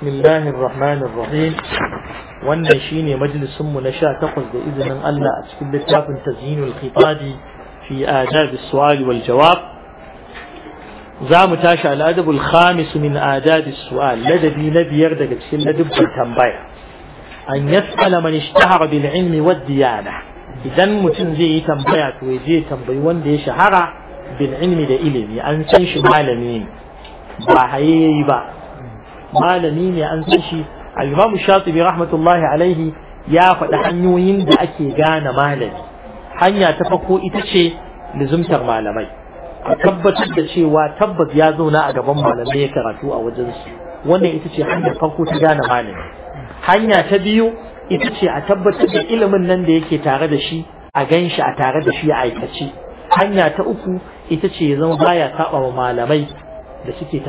بسم الله الرحمن الرحيم wannan shine majalisin mu na 18 da izinin Allah a cikin littafin tazyinul khitabi fi adab as-su'al wal jawab zamu tashi al-adab al-khamis min adab as-su'al ladabi na biyar daga cikin ladabin tambaya an yas'ala man ishtahara bil ilmi wad diyana idan mutum zai yi tambaya to je tambayi wanda ya shahara bil ilmi da ilimi an san shi malami ne ba hayayi ba malami ne an san shi al-imam shatibi rahmatullahi alaihi ya faɗi hanyoyin da ake gane malami hanya ta farko ita ce lizumtar malamai a tabbatar da cewa tabbas ya zauna a gaban malamai ya karatu a wajensu wannan ita ce hanyar farko ta gane malami hanya ta biyu ita ce a tabbatar da ilimin nan da yake tare da shi a gan shi a tare da shi a aikace hanya ta uku ita ce ya zama baya saba wa malamai da suke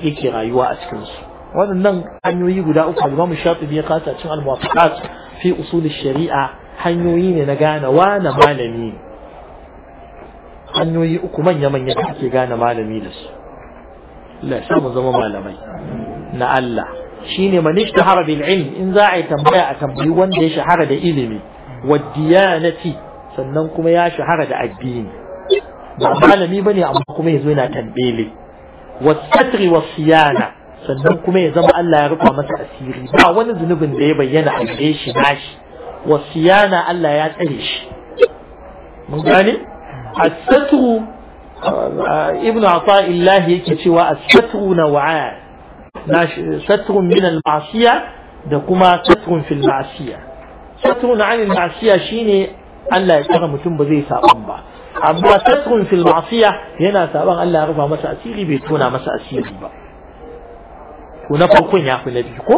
yake rayuwa a cikinsu waɗannan hanyoyi guda uku Imam shafi ya kasa cin al-muwafaqat fi usul shari'a hanyoyi ne na gane wane malami hanyoyi uku manya manya da ake gane malami da su Allah ya samu zama malamai na Allah shine man ishtahara bil ilm in za a yi tambaya a tambayi wanda ya shahara da ilimi wa diyanati sannan kuma ya shahara da addini ba malami bane amma kuma yazo yana tambele wa satri wa siyana sannan kuma ya zama Allah ya rufa masa asiri ba wani zunubin da ya bayyana a gare shi nashi yana Allah ya tsare shi mun gane as-satru uh, ibnu ata'illah yake cewa as-satru naw'an satrun min al-ma'siya da kuma satru fil ma'siya satrun 'an al-ma'siya shine Allah ya tsara mutum ba zai saban ba amma satrun fil ma'siya yana saban Allah ya rufa masa asiri bai tona masa asiri ba to na farkon ya fi na biyu ko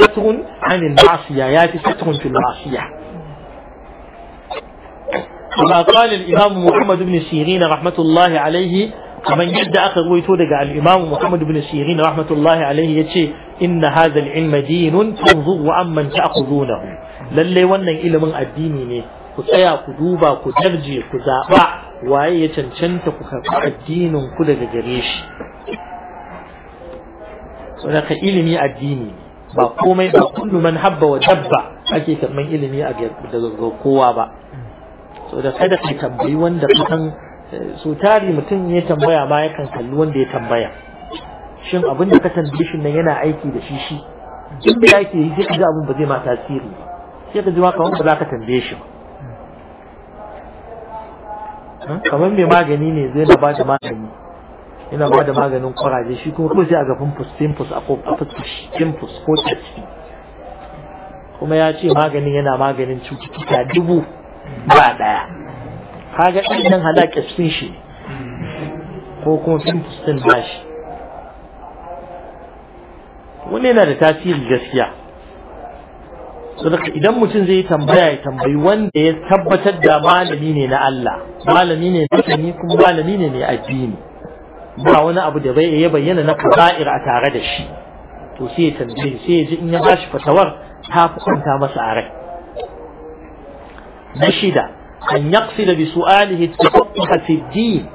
satrun anil ma'asiya ya fi satrun fil ma'asiya كما قال الإمام محمد بن سيرين رحمة الله عليه ومن جد أخر تودق الإمام محمد بن سيرين رحمة الله عليه يتشي إن هذا العلم دين تنظر عمن تأخذونه للي ونن إلى من الديني كتايا كدوبا كدرجي كدابا waye ya cancanta ku karɓi addinin ku daga gare shi saboda ilimi addini ba komai ba kullu man habba wa dabba ake karɓan ilimi a daga kowa ba saboda kada ka tambayi wanda ka san eh, su tari mutum ya tambaya ma yakan kalli wanda ya tambaya shin abin da ka tambaye shi nan yana aiki da shi shi duk da yake yi sai ka ji abin ba zai ma tasiri ba sai ka ji ma kamar ba za ka tambaye shi ba hmm? kamar mai magani ne zai na ba da magani ina ba da maganin kuraje shi kuma ko sai a ga fimfus fimfus a fimfus ko tafi kuma ya ce maganin yana maganin cututtuka dubu ba daya kaga ɗin nan halaka sun shi ko kuma fimfus ɗin ba shi wani yana da tasiri gaskiya Sadaka idan mutum zai yi tambaya ya tambayi wanda ya tabbatar da malami ne na Allah malami ne na kuma malami ne mai addini ba wani abu da bai ya bayyana na kaba'ir a tare da shi to sai ya tambaye sai ya ji in ya bashi fatawar ta fi kwanta masa a rai na shida an da bi su'alihi tafaqquha fi din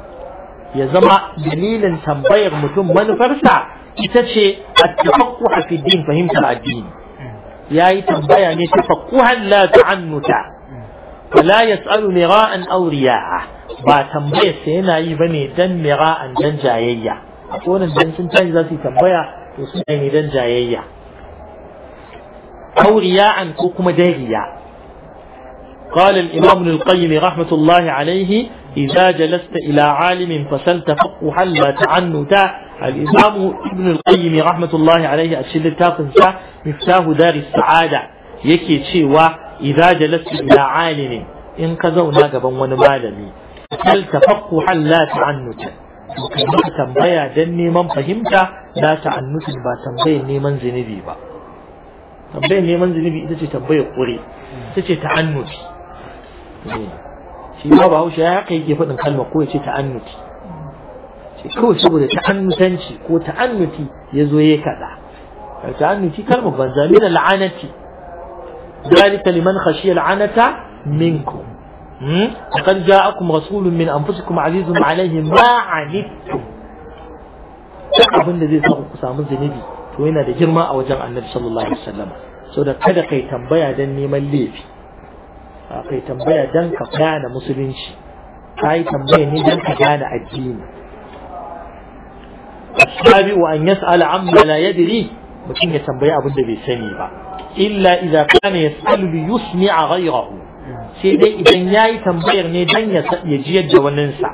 ya zama dalilin tambayar mutum manufarsa ita ce at-tafaqquha fahimtar addini yayi tambaya ne tafaqquhan la ta'annuta فلا يسأل مراء auriya رياء ba tambayar sa yana yi bane dan mira'an dan jayayya ko nan dan sun tashi za su tambaya to su ne dan jayayya aw riya'an ko kuma dai riya قال الإمام ابن القيم رحمة الله عليه إذا جلست إلى عالم فسلت فقها لا تعنتا الإمام ابن القيم رحمة الله عليه أشد تافنسا مفتاح دار السعادة يكي تشيوا إذا جلست إلى عالم إن كذونا قبا ونمالمي hal tafakku hal la ta'annuta kuma tambaya dan neman fahimta la ta'annutin ba tambayar neman zinubi ba tambayar neman zinubi ita ce tambayar kure ita ce ta'annuti shi ba Hausa ya kai ke faɗin kalma ko ya ce ta'annuti ce kawai saboda ta'annutanci ko ta'annuti ya zo ya kaɗa ta'annuti kalmar banza mina la'anati ذلك لمن خشي la'anata منكم لقد جاءكم رسول من أنفسكم عزيز عليه ما عنتم abin da zai sa ku samu zunubi to yana da girma a wajen annabi sallallahu alaihi wasallam so da kada kai tambaya dan neman laifi kai tambaya dan ka gane musulunci kai tambaya ne dan ka gane addini sabi wa an yas'ala amma la yadri mutum ya tambaya abin da bai sani ba illa idza kana yas'alu li yusmi'a ghayrahu sai dai idan yayi tambayar ne dan ya ya ji yadda wannan sa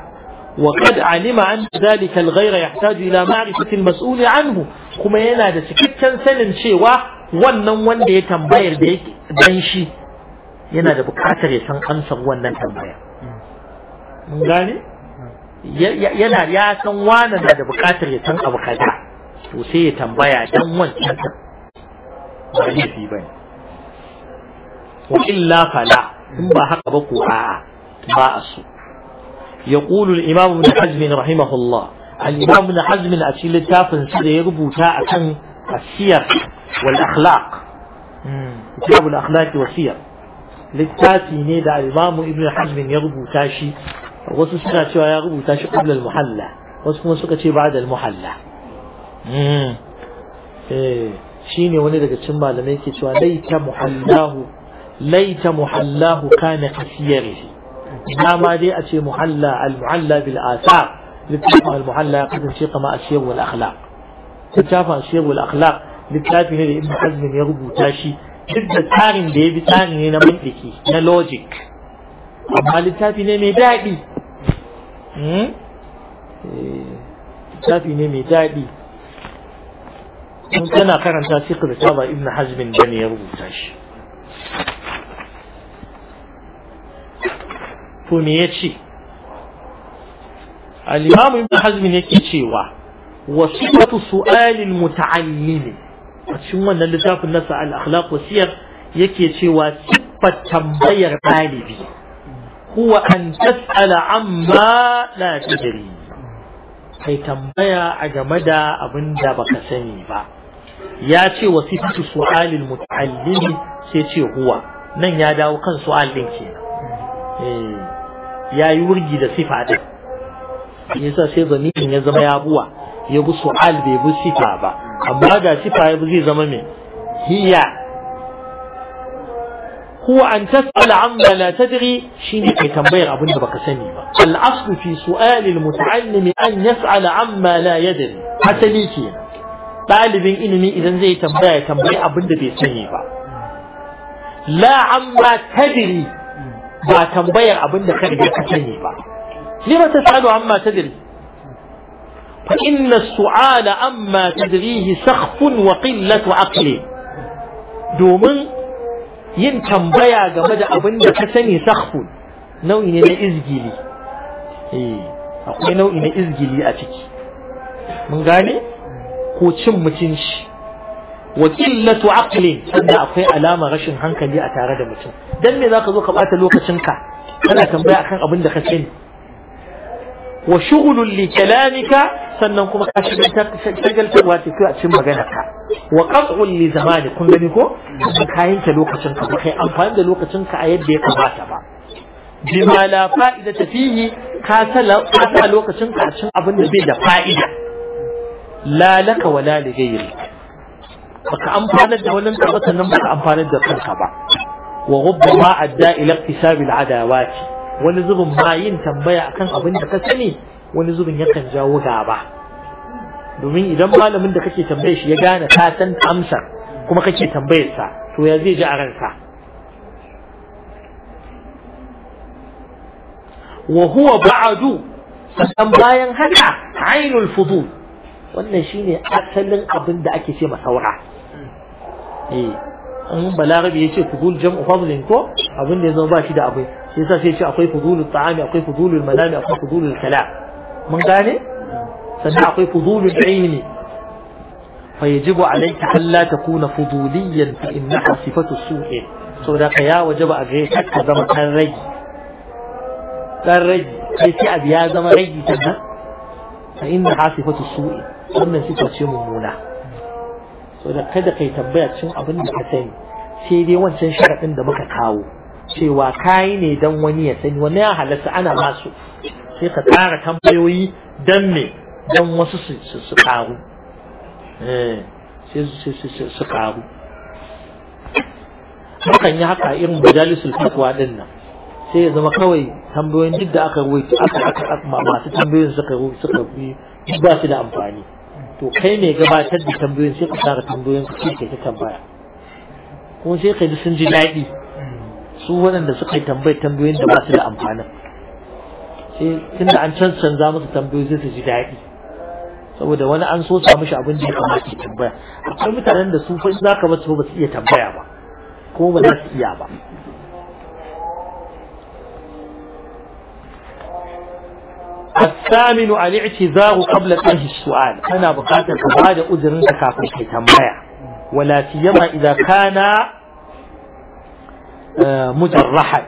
wa qad alima an zalika al yahtaju ila ma'rifati almas'uli anhu kuma yana da cikakken sanin cewa wannan wanda ya tambayar da yake dan shi yana da bukatar ya san amsar wannan tambaya mun gane yana ya san wani na da bukatar ya san abu kaza to sai ya tambaya dan wancan ba laifi bane wa illa fala in ba haka ba ko a'a ba so يقول الإمام ابن حزم رحمه الله الإمام ابن حزم أشيل التافن سيدة يربوتا أكن السير والأخلاق كتاب الأخلاق والسير littafi ne da alimamu ibn hajjmin ya rubuta shi wasu suna cewa ya rubuta shi qabla al-muhalla wasu kuma suka ce ba'da al-muhalla hmm, eh, shi ne wani daga cikin malamai ke cewa laita muhallahu ليت محلاه كان لا ما دي أتي محلى المعلى بالآثار لتشافى المحلى قد شيء ما الشيء والأخلاق تشافى الشيء والأخلاق لتشافى هذه ابن حزم يربو تاشي ضد تارين دي بتارين هنا منطقي هنا لوجيك أما لتشافى هنا ميدادي littafi هنا ميدادي daɗi أنا kana karanta shi ka da ibn hazmin bane to me ya ce al-imam ibn hazm yake cewa wa sifatu su'al al a cikin wannan littafin nasa al wasiyar yake cewa siffar tambayar ɗalibi huwa an tas'ala amma la tadri kai tambaya a game da abin da baka sani ba ya ce wa sifatu su'al al sai ce huwa nan ya dawo kan su'al din kenan eh yayi wurgi da sifa ɗin yasa sai zamirin ya zama ya buwa ya bu su'al bai bu sifa ba amma ga sifa ya zai zama me hiya هو أن تسأل عما لا تدري شيني كي تنبير أبن بقسمي الأصل في سؤال المتعلم أن يسأل عما لا يدري حتى ليكي طالب إنني إذا زي تنبير تنبير أبن بيسمي لا عما تدري ba tambayar abin da kan ka sani ba ta tasalu amma tadri fa inna su'ala amma tadrihi sakhfun wa qillatu aqli domin yin tambaya game da abin da ka sani sakhfun nau'i ne na izgili eh akwai nau'i na izgili a ciki mun gane ko cin mutunci wa qillatu aqlin sannan akwai alama rashin hankali a tare da mutum dan me zaka zo ka bata lokacinka kana tambaya akan abin da ka sani wa shughlun li kalamika sannan kuma ka shagaltarwa ta a cikin maganarka wa qat'un li zamani kun gani ko ka yanke lokacinka ba kai amfani da lokacinka a yadda ya kamata ba bima la fa'idata fihi ka sa lokacinka a cin abin da bai da fa'ida la laka wala li ghayrik baka amfanar da wannan ba sannan baka amfanar da kanka ba wa rubbama adda ila iktisab al-adawat wani zubin ma yin tambaya akan abin da ka sani wani zubin yakan jawo gaba domin idan malamin da kake tambaye shi ya gane ka san amsar kuma kake tambayar sa to ya zai ji a ransa wa huwa ba'du sannan bayan haka ainul fudul wannan shine asalin abin da ake ce masaura أمم إيه. بلاغي بيجي فضول جم وفضلين كو أبن يزن با شيء دابي يسا شيء شيء أقوي فضول الطعام أقوي فضول المنام أقوي فضول الكلام من قاله سنع أقوي فضول العين فيجب عليك ألا تكون فضوليا فانها صفة السوء سودا كيا وجب أجريك كذما كان ري كان ري كيسي أبيا زما ري فإنها صفة السوء ومن صفة شمونا so da kada kai tambaya cin abin da ka sani sai dai wancan sharaɗin da muka kawo cewa kayi ne dan wani ya sani wani ya halatta ana masu sai ka tsara tambayoyi dan me dan wasu su su karu eh, sai su su karu hakan yi haka irin majalisul fatwa din nan sai ya zama kawai tambayoyin duk da aka ruwaito aka aka masu tambayoyin suka suka ruwa ba su da amfani to kai ne gabatar da tambayoyin sai ka tsara tambayoyin ka sai ta tambaya kuma sai ka ji sun ji daɗi su waɗanda suka yi tambayi tambayoyin da ba su da amfanin sai tun da an canza musu tambayoyi sai su ji daɗi saboda wani an so samu shi abin da ya kamata ya tambaya akwai mutanen da su fa in ka ba su ba su iya tambaya ba ko ba za su iya ba الثامن اعتذار قبل طرح السؤال انا بقاتل هذا اذن تكافر في تنبايا ولا سيما اذا كان آه، مجرحا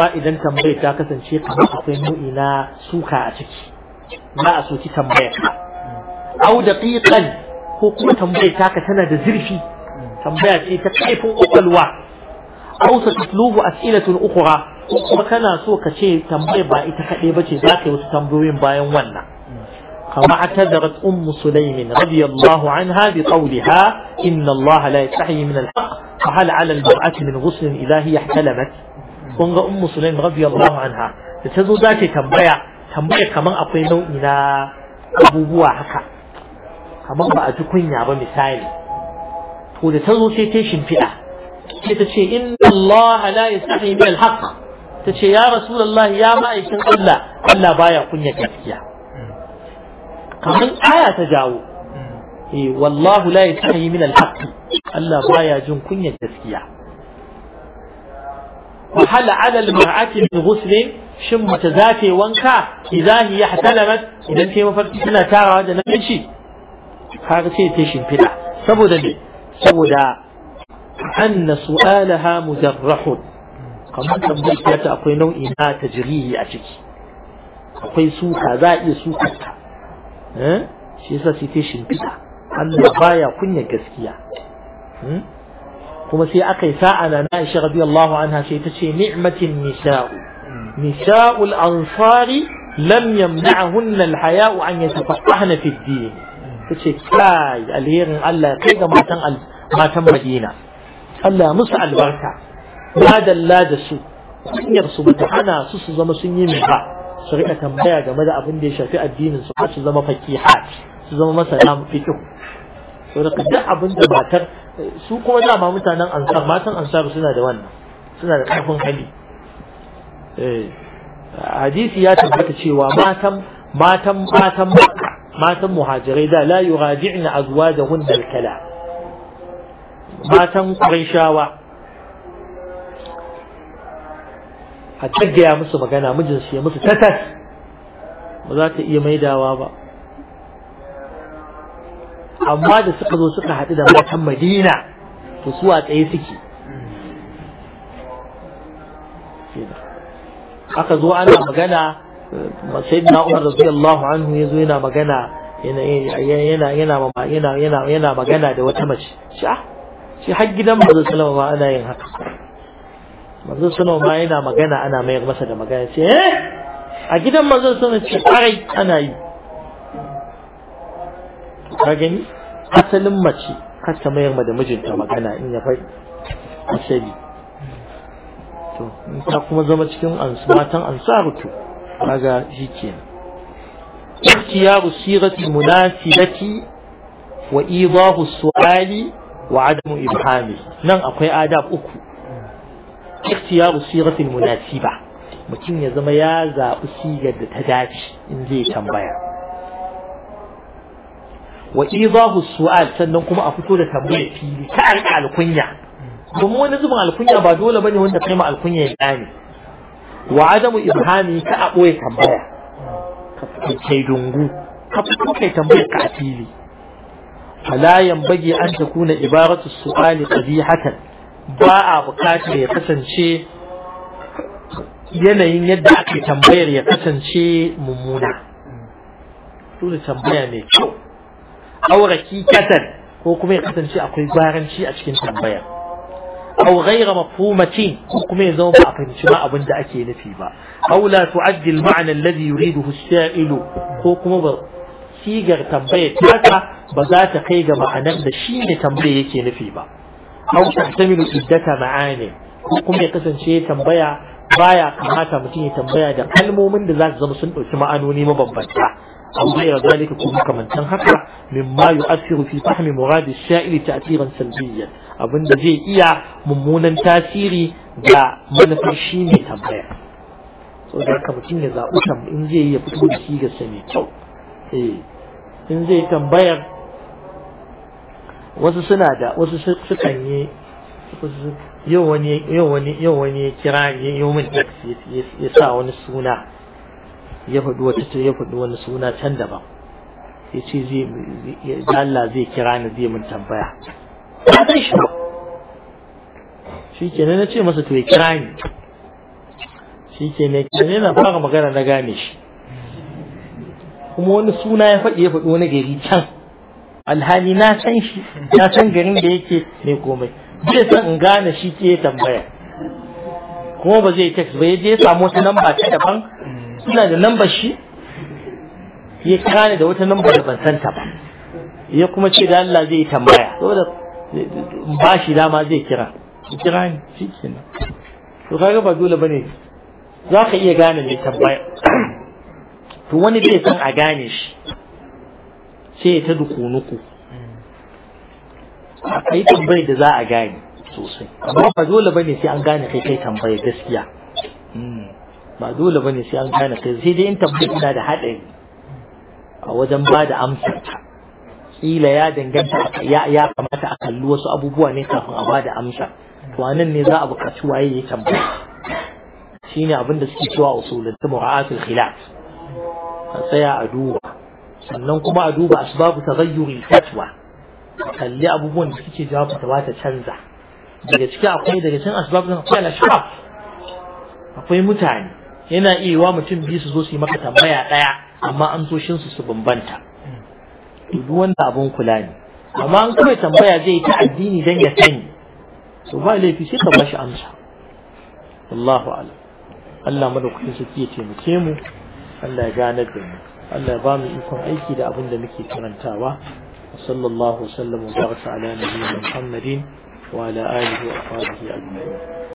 ما اذا تنبايا تاكسا شيخ مخفين الى سوكا اتكي لا اسوكي تنبايا او دقيقا هو قوة تنبايا تاكسا زرفي تنبايا تكيف اقلوا او ستطلوب اسئلة اخرى kuma kana so ka ce tambayar ba ita kaɗai ba ce za ka yi wasu tambayoyin bayan wannan kama atazarat ummu sulaimin radiyallahu anha bi qawliha inna allaha la yastahi min al-haq fa hal 'ala al min ghusl idha hiya kun ga radiyallahu anha da ta zo za ta tambaya tambaya kaman akwai nau'i na abubuwa haka kaman ba a ji kunya ba misali to da ta zo sai ta shimfiɗa sai ta ce inna allaha la yastahi min al ta ce ya rasulullah ya ma'aikin Allah Allah baya kunya gaskiya kamar aya ta jawo hmm. eh wallahu la yastahi min al-haqq Allah baya jin kunya gaskiya wa hal 'ala al-mar'ati min ghusl shin mace za ta yi wanka idza hiya ihtalamat idan ta mafarki tana tarawa da namiji har sai ta shimfida saboda ne saboda anna su'alaha mujarrahun kamar tambayar ta akwai nau'i na tajrihi a ciki akwai suka za a iya suka ta eh? shi yasa sai shimfiɗa Allah baya kunya gaskiya hmm? kuma sai aka yi sa'a na Aisha radiyallahu anha sai ta ce ni'matin nisa'u nisa'ul ansari lam yamna'hunna al-haya'u an yatafaqahna fi ad-din tace kai alherin Allah kai ga matan matan Madina Allah musu albarka ba dalla da su kunyar su bata hana su su zama sun yi mai ba su rika tambaya game da abin da ya shafi addinin su su zama fakihat su zama masana fiqh to da duk abin da matar su kuma dama mutanen ansar matan ansar suna da wannan suna da karfin hali eh hadisi ya tabbata cewa matan matan matan matan muhajirai da la yuradi'na azwajahunna al-kala matan qurayshawa a gaggaya musu magana mijinsu ya musu tatas ba za ta iya maidawa ba amma da suka zo suka haɗu da matan madina to su a tsaye suke aka zo ana magana sayyidina Umar radiyallahu anhu yazo yana magana yana yana yana yana yana magana da wata mace shi ah shi har gidan Manzon ba? ana yin haka manzo suna ma yana magana ana mayar masa da magana ce eh a gidan manzo suna ce kwarai ana yi ka gani asalin mace har ta mayar ma da mijinta magana in ya faɗi asali to in ta kuma zama cikin ansu matan to kaga shi kenan munasibati wa idahu su'ali wa Adamu ibhami nan akwai adab uku. ikhtiyaru siratil munasiba mutum ya zama ya zaɓi sigar da ta dace in zai tambaya wa idahu su'al sannan kuma a fito da tambayar fili ta alkunya domin wani zubin alkunya ba dole bane wanda kai ma alkunya ya gane wa adamu ibhami ta a boye tambaya ka kai dungu ka fito kai tambayar ka a fili fala yanbaghi an takuna ibaratu su'ali qadihatan ba a bukatar ya kasance yanayin yadda ake tambayar ya kasance mummuna dole tambaya mai kyau aure kikatan ko kuma ya kasance akwai baranci a cikin tambaya aw ghayra mafhumatin ko kuma ya zama ba a fahimci ma abin da ake nufi ba aw la tu'addi al-ma'na alladhi yuriduhu as-sa'ilu ko kuma ba sigar tambayar taka ba za ta kai ga ma'anar da shi ne tambayar yake nufi ba أو تحتمل إدة معاني حكم يقسم شيء تنبيع بايع كماتا متين تنبيع دا قلمو من ذات زمسن اسمع أنوني مببتا أو غير ذلك كم كمن تنحكى مما يؤثر في فهم مراد السائل تأثيرا سلبيا أبن ذي إيا ممونا تأثيري دا منفشيني تنبيع saboda haka mutum ya zaɓi in zai yi ya fito da shi ga sani kyau in zai tambayar wasu suna da wasu sukan yi yau wani yau wani yau wani ya kira yau min ya sa wani suna ya faɗi wata ya faɗi wani suna can daban ya ce zai Allah zai kira ni zai min tambaya ba zai shi ba shi kenan na ce masa to ya kira ni shi kenan ke na fara magana na gane shi kuma wani suna ya faɗi ya faɗi wani gari can alhali na san shi na san garin da yake mai komai zai san in gane shi ke tambaya kuma ba zai text ba je ya samu wata namba ta daban suna da namba shi ya kira da wata namba da ban santa ba ya kuma ce da Allah zai tambaya saboda ba shi dama zai kira kira ni nan to kaga ba dole bane za ka iya gane mai tambaya to wani bai san a gane shi sai ta dukunuku hmm. akwai tambayar da za a gane sosai amma ba dole ne sai an gane kai kai tambayar gaskiya hmm. ba dole ne sai an gane kai sai dai in tambayar tana da haɗari a wajen ba da amsar ta ya danganta ya kamata a kalli wasu abubuwa ne kafin a ba da amsa to nan ne za a buƙaci waye ya tambaya shine abin da suke cewa usulul mu'atul khilaf a tsaya a duba sannan kuma a duba asbabu taghayyuri fatwa kalli abubuwan da suke jawo fatawa ta canza daga ciki akwai daga cikin asbabun akwai al-ashraf akwai mutane yana iya wa mutum biyu su zo su yi maka tambaya daya amma amsoshin su su bambanta duk wanda abun kula ne amma an kuma tambaya zai ta addini dan ya sani to ba laifi sai ka shi amsa Allahu a'lam Allah madaukakin sarki ya taimake mu Allah ya ganar da mu Allah ba mu ikon aiki da abin da muke karantawa sallallahu sallam wa baraka ala nabiyina muhammadin wa ala alihi wa ajma'in